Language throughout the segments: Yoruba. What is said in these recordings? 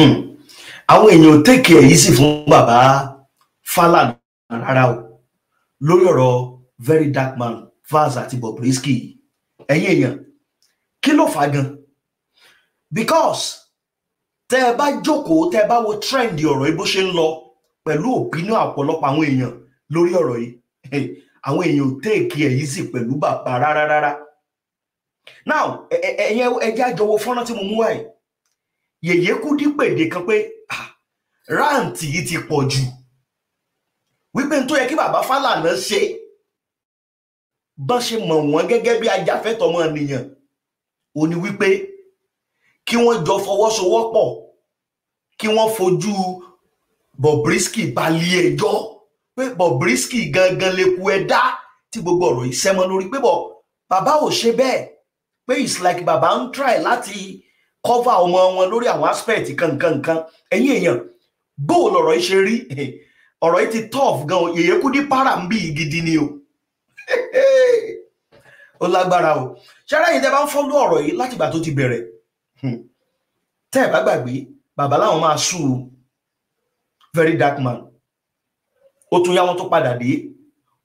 Hmm. àwọn èèyàn ò tèkè èyí sì fún bàbá Falana rárá o lórí ọ̀rọ̀ very dark man Vaz àti Bobrisky ẹ̀yin èèyàn kí ló fà á gan because tẹ́ ẹ bá jókòó tẹ́ ẹ bá wo trend ọ̀rọ̀ yìí bó ṣe ń lọ pẹ̀lú opinion ọ̀pọ̀lọpọ̀ àwọn èèyàn lórí ọ̀rọ̀ yìí àwọn èèyàn ò tèkè èyí sì pẹ̀lú bàbá rárá rárá now ẹ̀yẹ ẹ̀jẹ̀ àjọwọ́ fọ́nrán tí mo mú wáyìí yèyé kúdí pèdè kan pé ráǹtì yìí ti pọ̀ jù wípé n tó yẹ kí bàbá Fálànà ṣe bọ́n ṣe mọ̀ wọ́n gẹ́gẹ́ bí ajàfẹ́tọ̀ọ́mọnìyàn ó ní wípé kí wọ́n jọ fọwọ́sowọ́pọ̀ kí wọ́n fojú Bobrisky balẹ̀ ẹjọ́ pé Bobrisky gangan lè ku ẹ̀dá tí gbogbo ọ̀rọ̀ yìí sẹ́mọ́ lórí pé bàbá ò ṣe bẹ́ẹ̀ pé it's like bàbá ń try láti cover ọmọ wọn lórí àwọn aspect kankankan ẹ̀yin èèyàn bó lọ̀rọ̀ yìí ṣe rí ọ̀rọ̀ yìí ti tough gan o yèyé kú ní para ń bí gidi ni o ó lágbára o ṣáárá yìí tẹ́ bá ń fọ́lú ọ̀rọ̀ yìí látìgbà tó ti bẹ̀rẹ̀ hmm. tẹ́ ẹ̀ bá gbàgbé bàbá láwọn máa sú o very dark man ó tún yá wọn tó padà dé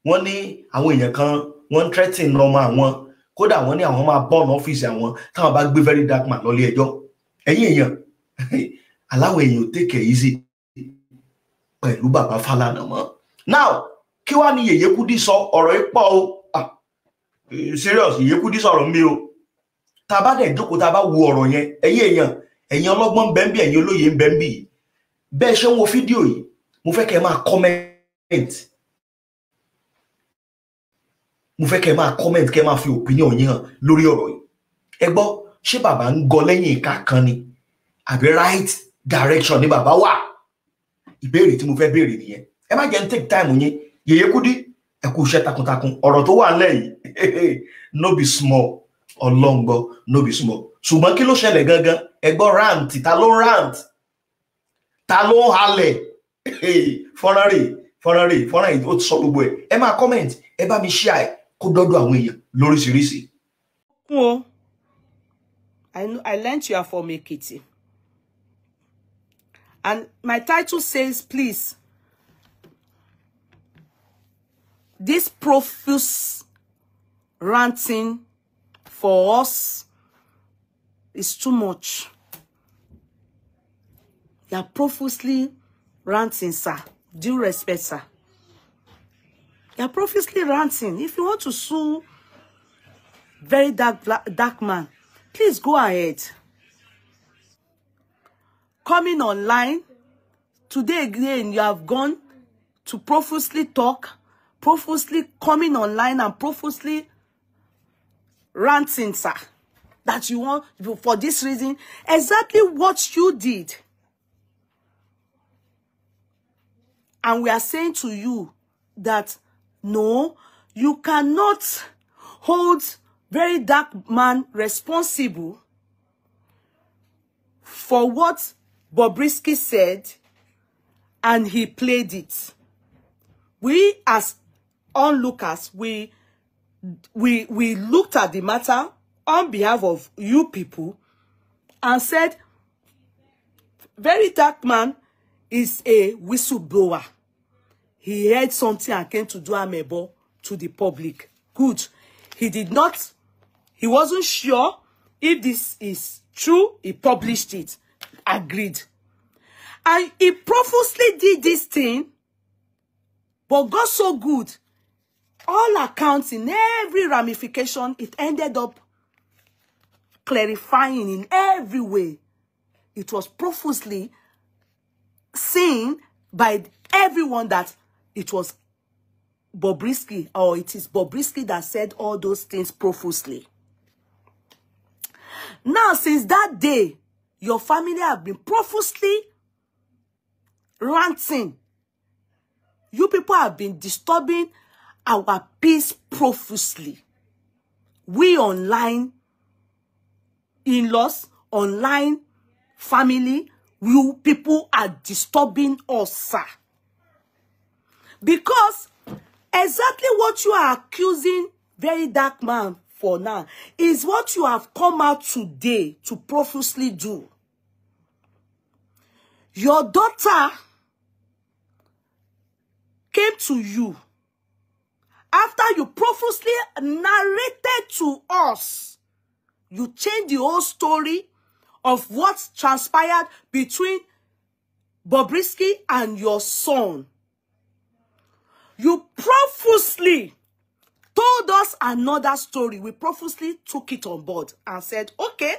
wọ́n ní àwọn èèyàn kan wọ́n ń threatening ọmọ àwọn kódà wọ́n ní àwọn máa bọ́ọ̀nù ọ́fíìsì àwọn táwọn bá gbé very dark man lọ́lé ẹjọ́ ẹ̀yin èèyàn aláwọ̀ èèyàn take it easy pẹ̀lú bàbá Fálànà mọ́ now kí wàá ní Yèyékúdí sọ ọ̀rọ̀ ipò o ah, eh, serious Yèyékúdí sọ̀rọ̀ mi o tá a bá dẹ̀ jókòó tá a bá wo ọ̀rọ̀ yẹn ẹ̀yin èèyàn ẹ̀yin ọlọ́gbọ́n ń bẹ níbí ẹ̀yin olóye ń bẹ níbí bẹ́ẹ̀ ṣe ń wo fídíò yìí mo fẹ́ kẹ́ ẹ máa comment mo fẹ́ kẹ́ máa comment kẹ́ máa fi opinion yín hàn lórí ọ̀rọ̀ yìí ẹ gbọ́ ṣé bàbá ń gọ lẹ́yìn ìka kan ni àbí right direction ni bàbá wà ìbéèrè tí mo fẹ́ béèrè nìyẹn ẹ má jẹ́ ń take time yín Yèyé Kúdí ẹ kú iṣẹ́ takuntakun ọ̀rọ̀ tó wà ńlẹ̀ yìí no be small ọlọ́ngbọ no be small ṣùgbọ́n kí ló ṣẹlẹ̀ gangan ẹ gbọ́ rant ta ló rant ta ló halẹ̀ fọ́nrán rèé fọ́nrán rèé fọ́nrán yìí ó ti sọ gbogbo ẹ̀ ẹ máa comment ẹ bá mi share kó dọ́dọ̀ àwọn èèyàn lóríṣiríṣi. kún o I, know, I learnt you are from Ekiti and my title says please this profuse ranting for us is too much. They are profusely ranting, sir. Due respect, sir. They are profusely ranting. If you want to sue very dark black, dark man, please go ahead. Coming online today again, you have gone to profusely talk, profusely coming online and profusely ranting, sir. That you want for this reason, exactly what you did. And we are saying to you that No, you cannot hold very dark man responsible for what Bobrisky said and he played it. We as onlookers, we, we, we looked at the matter on behalf of you people and said, very dark man is a whistleblower. He heard something and came to do amebo to the public. Good. He did not, he wasn't sure if this is true. He published it. Agreed. And he purposely did this thing. But got so good. All accounts in every ramification, it ended up clarifying in every way. It was profusely seen by everyone that it was Bobrisky, or it is Bobrisky that said all those things profusely. Now, since that day, your family have been profusely ranting. You people have been disturbing our peace profusely. We online in-laws, online family, you people are disturbing us, sir. Because exactly what you are accusing very dark man for now is what you have come out today to profusely do. Your daughter came to you after you profusely narrated to us. You changed the whole story of what transpired between Bobrisky and your son. You profusely told us another story. We profusely took it on board and said, okay,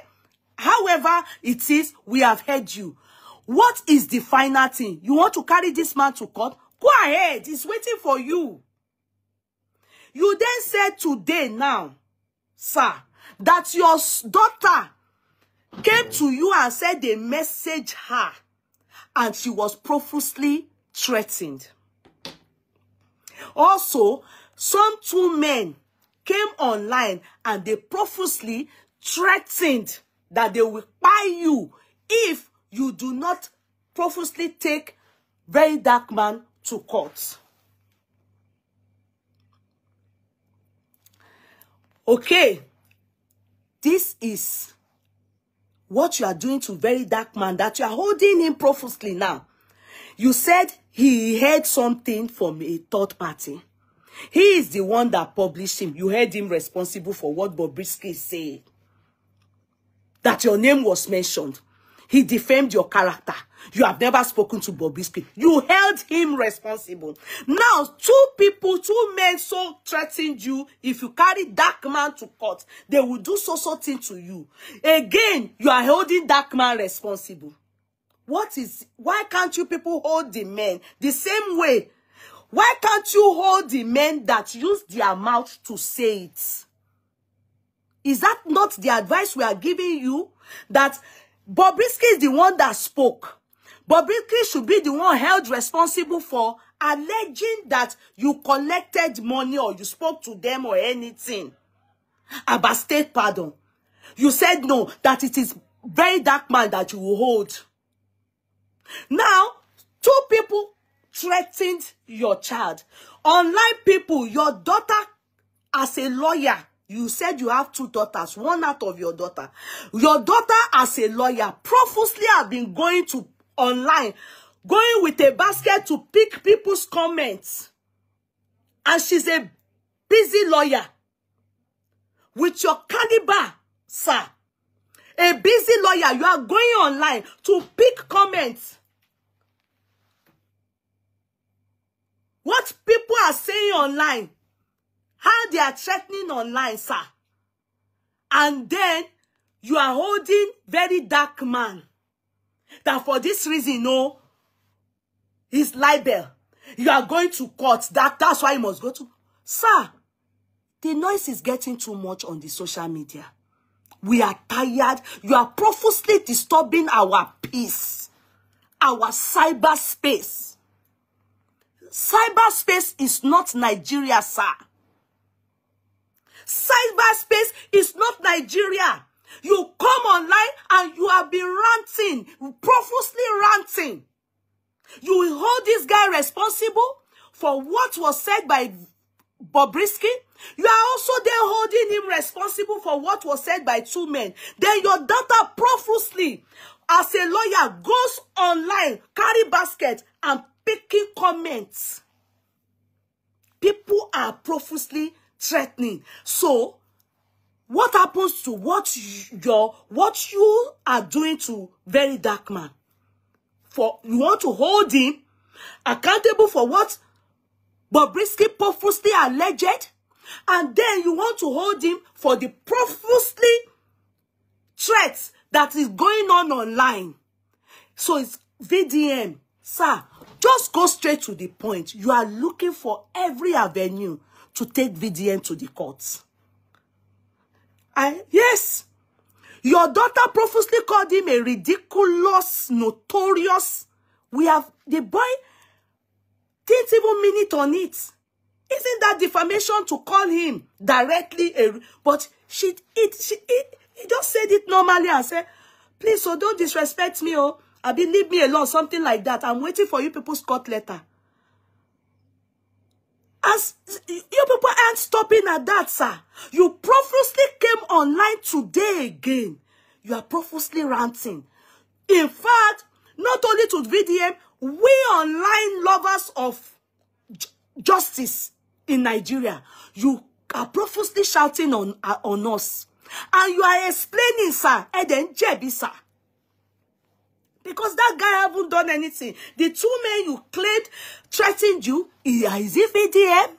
however it is, we have heard you. What is the final thing? You want to carry this man to court? Go ahead. He's waiting for you. You then said today now, sir, that your daughter came to you and said they messaged her and she was profusely threatened. Also, some two men came online and they profusely threatened that they will buy you if you do not profusely take very dark man to court. Okay, this is what you are doing to very dark man that you are holding him profusely now. You said he heard something from a third party. He is the one that published him. You heard him responsible for what Bobrisky said. That your name was mentioned. He defamed your character. You have never spoken to Bobrisky. You held him responsible. Now, two people, two men so threatened you. If you carry dark man to court, they will do so so thing to you. Again, you are holding dark man responsible. What is, why can't you people hold the men the same way? Why can't you hold the men that use their mouth to say it? Is that not the advice we are giving you? That Bobrisky is the one that spoke. Bobrisky should be the one held responsible for alleging that you collected money or you spoke to them or anything about state pardon. You said no, that it is very dark man that you will hold. Now, two people threatened your child. Online people, your daughter as a lawyer, you said you have two daughters, one out of your daughter. Your daughter as a lawyer profusely have been going to online, going with a basket to pick people's comments. And she's a busy lawyer with your caliber, sir. A busy lawyer, you are going online to pick comments What people are saying online, how they are threatening online, sir. And then you are holding very dark man. That for this reason, no, he's libel. You are going to court. That, that's why you must go to. Sir, the noise is getting too much on the social media. We are tired. You are profusely disturbing our peace, our cyberspace. Cyberspace is not Nigeria, sir. Cyberspace is not Nigeria. You come online and you have been ranting, profusely ranting. You will hold this guy responsible for what was said by Bobrisky. You are also then holding him responsible for what was said by two men. Then your daughter profusely, as a lawyer, goes online, carry basket, and picking comments. People are profusely threatening. So, what happens to what your what you are doing to very dark man? For you want to hold him accountable for what Bobrisky profusely alleged, and then you want to hold him for the profusely threats that is going on online. So it's VDM, sir. Just go straight to the point. You are looking for every avenue to take VDN to the court. I, yes, your daughter profusely called him a ridiculous, notorious. We have, the boy didn't even mean it on it. Isn't that defamation to call him directly? A, but she, it, she, it, he just said it normally and said, please, so oh, don't disrespect me, oh. Abi leave me alone, something like that. I'm waiting for you people's court letter. As you people aren't stopping at that, sir. You profusely came online today again. You are profusely ranting. In fact, not only to VDM, we online lovers of justice in Nigeria. You are profusely shouting on, uh, on us. And you are explaining, sir, and then jẹ̀bi, sir. Because that guy haven't done anything. The two men you claimed threatened you, is it VDM?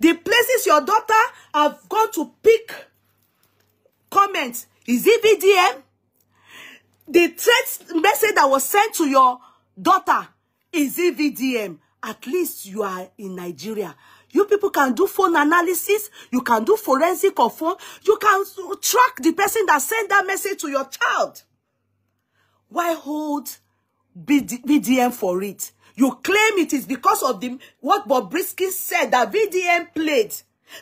The places your daughter have gone to pick comments, is it VDM? The threat message that was sent to your daughter, is it VDM? At least you are in Nigeria. You people can do phone analysis. You can do forensic or phone. You can track the person that sent that message to your child. Why hold BD BDM for it? You claim it is because of the what Bob Briskin said that BDM played.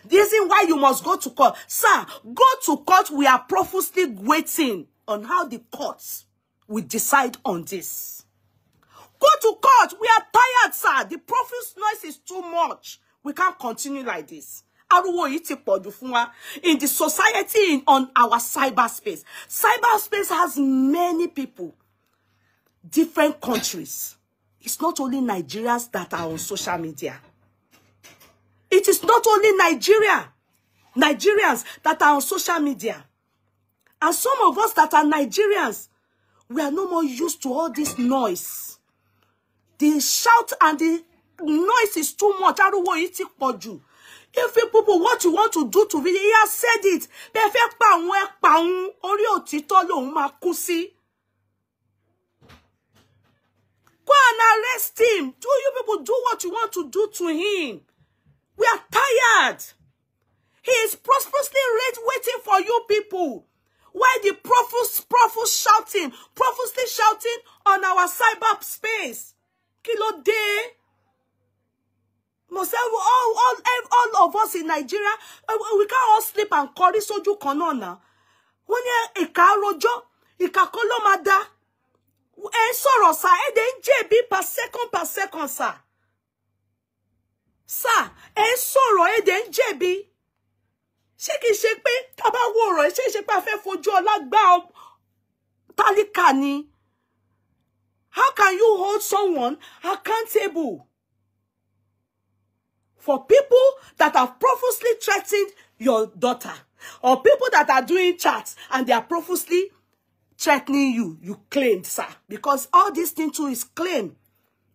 This is why you must go to court. Sir, go to court. We are profusely waiting on how the courts will decide on this. Go to court. We are tired, sir. The profuse noise is too much. We can't continue like this ariwo yìí ti pọ̀jù fún wa in the society in, on our cyberspace cyberspace has many people different countries it's not only Nigerians that are on social media it is not only Nigeria Nigerians that are on social media and some of us that are Nigerians we are no more used to all this noise the shout and the noise is too much ariwo yìí ti pọ̀jù If people what you want to do to me, he has said it. Bẹ́ẹ̀ pa òun ẹ e pa òun orí òtítọ́ lòun máa kú sí. Go and arrest him. Do you people do what you want to do to him? We are tired. He is prosperously waiting for you people. Why the prophets, prophets shouting, prophecy shouting on our cyber space? Kí must say all, all, all of us in Nigeria, eh, we can all sleep and kọrí soju kan náà náà. Wọ́n ní eh, ìkà rojọ́, ìkà kan ló máa dá. Ẹ sọ̀rọ̀ sá, ẹ dẹ̀ ń jẹ̀bi per second per second sá. Sá, ẹ sọ̀rọ̀ ẹ dẹ̀ ń jẹ̀bi. Ṣé kìí ṣe pé tábà wo ọ̀rọ̀ ẹ ṣe é ṣe pé a fẹ́ ni? How can you hold someone accountable? for people that have profusely threatened your daughter or people that are doing chats and they are profusely threatening you. You claimed, sir, because all this thing too is claim.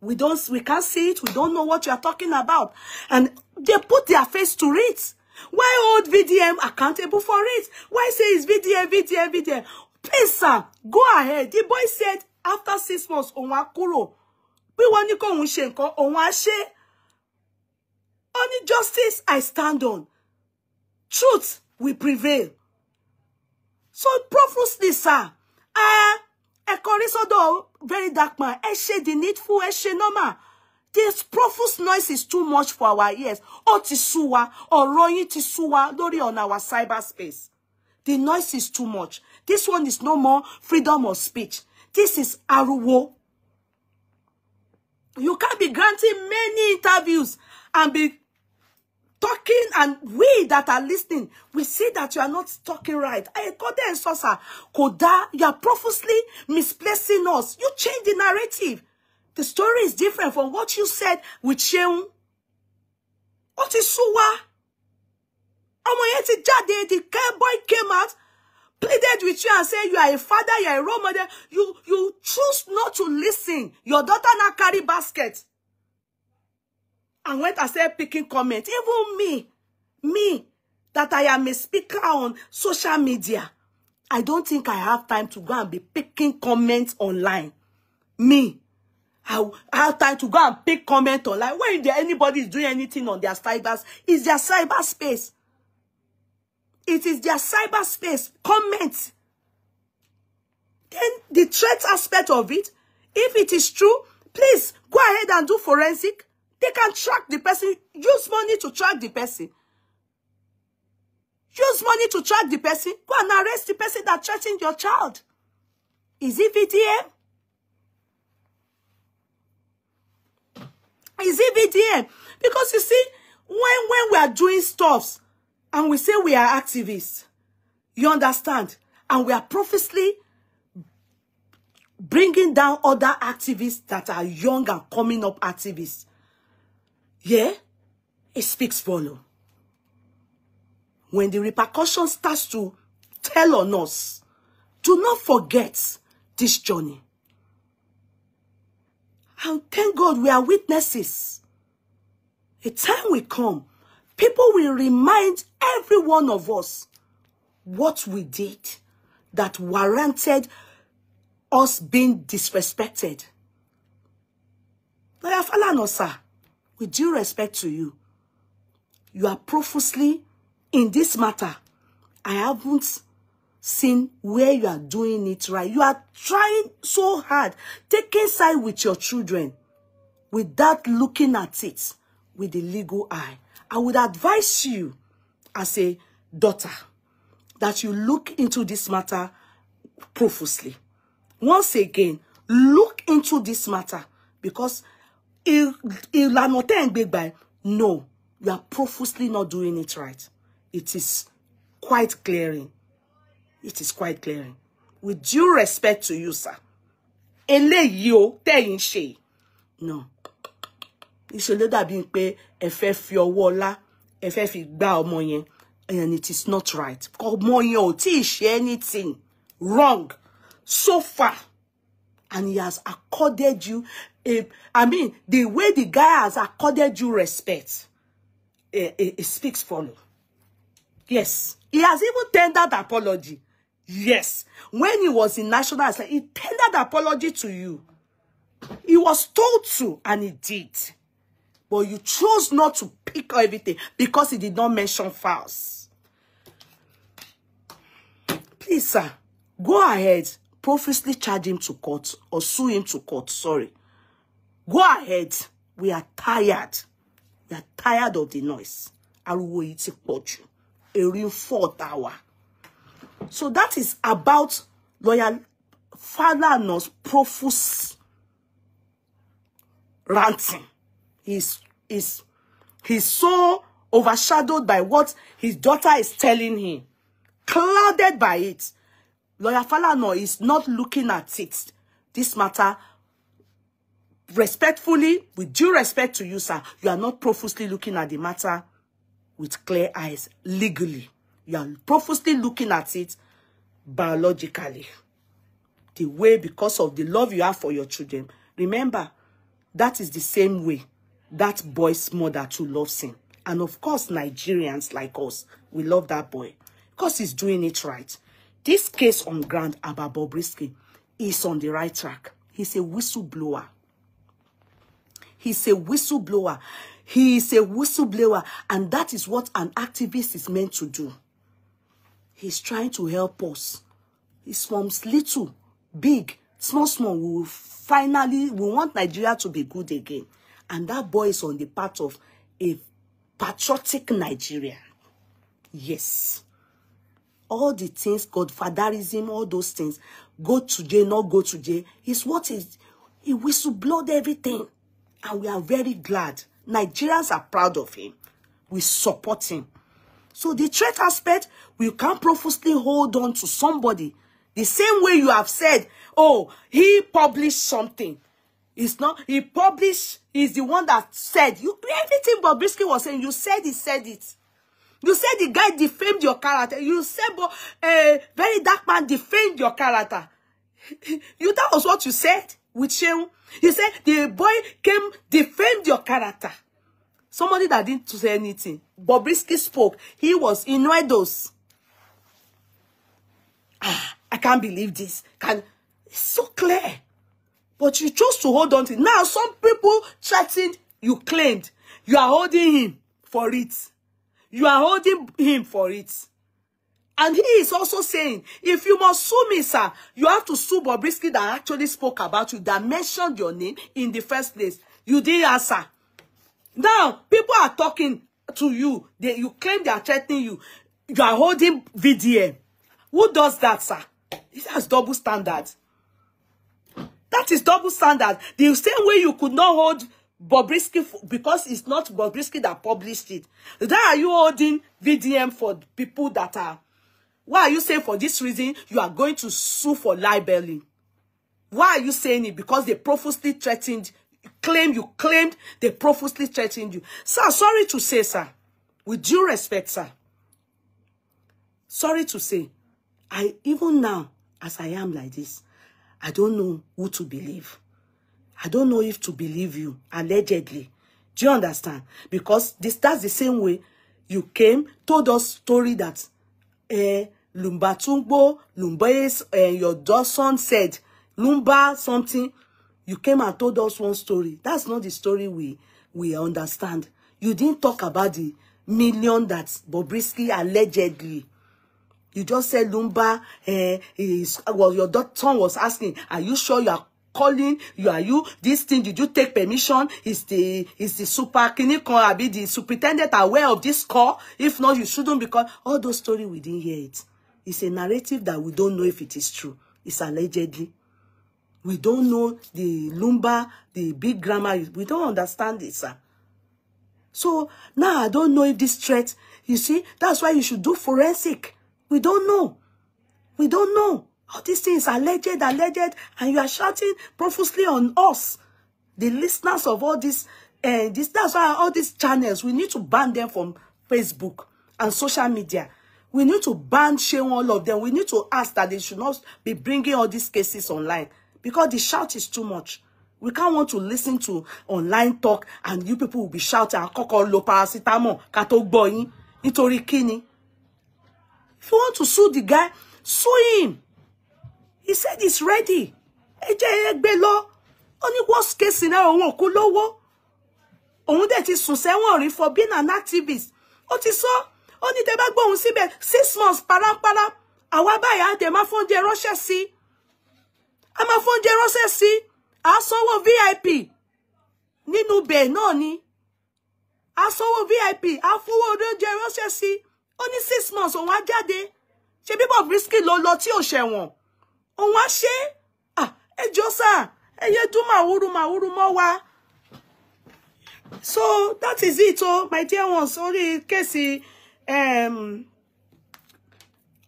We don't, we can't see it. We don't know what you are talking about, and they put their face to it. Why hold VDM accountable for it? Why say it's VDM, VDM, VDM? Please, sir, go ahead. The boy said after six months, on Wakuro, we want wọ́n ní kóun ṣe on òun Only justice I stand on. Truth will prevail. So profusely, sir. Uh, ẹ kọrí very dark man. Ẹ ṣe the needful, ẹ ṣe normal. This profuse noise is too much for our ears. Or ti sú wa, ọ̀rọ̀ yín ti sú on our cyberspace. The noise is too much. This one is no more freedom of speech. This is ariwo. You can't be granting many interviews and be talking and we that are listening, we see that you are not talking right. Ekode and Sosa, Koda, you are purposely misplacing us. You change the narrative. The story is different from what you said with Sheun. What is sú Amoyeti, Ọmọ yẹn ti the boy came out, pleaded with you and said, you are a father, you are a role model. You, you choose not to listen. Your daughter now carry basket and when I started picking comments. Even me, me, that I am a speaker on social media, I don't think I have time to go and be picking comments online. Me, I, I have time to go and pick comments online. When there anybody is doing anything on their cybers, it's their cyberspace. It is their cyberspace. Comment. Then the threat aspect of it, if it is true, please go ahead and do forensic. They can track the person. Use money to track the person. Use money to track the person. Go and arrest the person that threatened your child. Is it VDM? Is it VDM? Because you see, when, when we are doing stuffs and we say we are activists, you understand? And we are purposely bringing down other activists that are young and coming up activists. Yeah? It speaks volume. When the repercussion starts to tell on us, do not forget this journey. And thank God we are witnesses. A time will come, people will remind every one of us what we did that warranted us being disrespected. Lọ́yà Fálànà sir, with due respect to you, you are profusely in this matter. I haven't seen where you are doing it right. You are trying so hard, taking side with your children without looking at it with the legal eye. I would advise you as a daughter that you look into this matter profusely. Once again, look into this matter because ìlànà tẹ́ ń gbé gbà ẹ́ no you are profusely not doing it right it is quite clearing it is quite clearing with due respect to you sir eléyìí o tẹ́yìn ṣe no iṣẹ́ ló dàbí pé ẹ fẹ́ fi ọwọ́ ọlá ẹ fẹ́ fi gbá ọmọ yẹn and it is not right ọmọ yẹn ò tí ì ṣe anything wrong so far and he has accorded you I mean, the way the guy has accorded you respect, it, speaks for you. Yes. He has even tendered apology. Yes. When he was in National he tendered apology to you. He was told to, and he did. But you chose not to pick everything because he did not mention files. Please, sir, go ahead, profusely charge him to court or sue him to court, sorry. Go ahead. We are tired. We are tired of the noise. Ariwo yìí ti pọ̀jù. Erin fọ́ ta hour. So that is about lawyer Falana's profuse ranting. He's, he's, he's so overshadowed by what his daughter is telling him. Clouded by it. Lawyer Falano is not looking at it. This matter respectfully, with due respect to you, sir, you are not profusely looking at the matter with clear eyes, legally. You are profusely looking at it biologically. The way, because of the love you have for your children. Remember, that is the same way that boy's mother too loves him. And of course, Nigerians like us, we love that boy. Because he's doing it right. This case on ground about Bobrisky is on the right track. He's a whistleblower. He's a whistleblower. He is a whistleblower. And that is what an activist is meant to do. He's trying to help us. He's from little, big, small, small. We will finally, we want Nigeria to be good again. And that boy is on the path of a patriotic Nigeria. Yes. All the things, godfatherism, all those things, go to jail, not go to jail, is what is, he whistleblowed everything. and we are very glad. Nigerians are proud of him. We support him. So the threat aspect, we can't profusely hold on to somebody. The same way you have said, oh, he published something. It's not, he published, he's the one that said, you, everything Bobrisky was saying, you said he said it. You said the guy defamed your character. You said, but a uh, eh, very dark man defamed your character. you, that was what you said with Shehu. He said, the boy came, defamed your character. Somebody that didn't say anything. Bobrisky spoke. He was in innuendos. Ah, I can't believe this. Can it's so clear. But you chose to hold on to it. Now some people chatting, you claimed. You are holding him for it. You are holding him for it. And he is also saying, if you must sue me, sir, you have to sue Bobrisky that actually spoke about you, that mentioned your name in the first place. You didn't answer. Now, people are talking to you. They, you claim they are threatening you. You are holding VDM. Who does that, sir? It has double standard. That is double standard. The same way you could not hold Bobrisky because it's not Bobrisky that published it. That are you holding VDM for people that are Why are you saying for this reason you are going to sue for libeling? Why are you saying it? Because they profusely threatened, claim you claimed they profusely threatened you. Sir, sorry to say, sir, with due respect, sir. Sorry to say, I even now, as I am like this, I don't know who to believe. I don't know if to believe you, allegedly. Do you understand? Because this that's the same way you came, told us story that eh, Lumba Tungbo, Lumba is, eh, your son said, Lumba something. You came and told us one story. That's not the story we, we understand. You didn't talk about the million that Bobrisky allegedly you just said Lumba, eh, is, well, your son was asking, are you sure you are calling you are you this thing did you take permission is the is the super clinic or be the superintendent aware of this call if not you shouldn't because all those stories we didn't hear it it's a narrative that we don't know if it is true it's allegedly we don't know the lumba the big grammar we don't understand it sir so now i don't know if this threat you see that's why you should do forensic we don't know we don't know All oh, these things are alleged, alleged, and you are shouting profusely on us, the listeners of all these. Uh, this that's why all these channels we need to ban them from Facebook and social media. We need to ban shame all of them. We need to ask that they should not be bringing all these cases online because the shout is too much. We can't want to listen to online talk and you people will be shouting àkọ́kọ́ lo paracetamol ká If you want to sue the guy, sue him he said he's ready ẹ jẹ́ ẹ gbé lọ ó worst case scenario òun òkú lówó òun dẹ̀ ti sùn sẹ́wọ̀n rí for being an activist ó ti so. ó ní tẹ bá gbóhùn síbẹ̀ six months parápárá àwa báyìí àdè máa fóúnjẹ ránṣẹ́ sí a máa fóúnjẹ ránṣẹ́ sí a sanwó vip nínú bẹ́ẹ̀ náà ni a sanwó vip a fowó oúnjẹ ránṣẹ́ sí ó ní six months òun á jáde ṣe bíbọ̀ brisky ló lọ tí ò ṣẹ̀wọ̀n òun á ṣe é ah, ẹjọ́ sà ẹyẹ dún màwúrú màwúrú mọ́ wa so that is it o oh, my dear ones orí kéèsì um,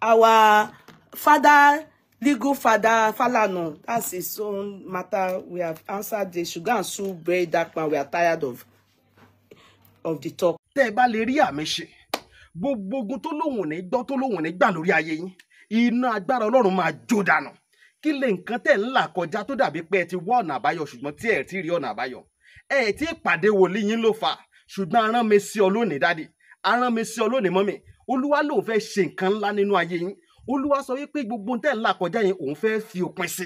our father legal father Falana that's his own matter we have answered the sugar and soup very dark man we are tired of of the talk. tẹ́ ẹ bá lè rí àmì ṣe gbogbo ogun tó lóun ò ní gbọ́ tó lóun ò ní gbà lórí ayé yín iná agbára ọlọ́run máa jó dànù kí lè nǹkan tẹ̀ ń là kọjá tó dàbí pé ẹ ti wá ọ̀nà àbáyọ ṣùgbọ́n tí ẹ ti rí ọ̀nà àbáyọ ẹ ti pàdé wòlíì yín ló fà ṣùgbọ́n arán mi sí ọ lónìí dádì arán mi sí ọ lónìí mọ́mì olúwa lòun fẹ́ ṣe nǹkan ńlá nínú ayé yín olúwa sọ wípé gbogbo tẹ̀ ń là kọjá yẹn òun fẹ́ fi òpin sí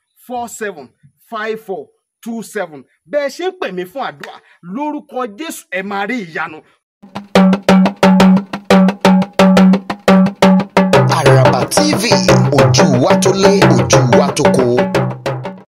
four seven five four two seven bẹ́ẹ̀ ṣe ń pè mí fún àdúrà lórúkọ Jésù ẹ̀ máa rí ìyanu. Àràbà TV ojú wa tó lé ojú wa tó kó.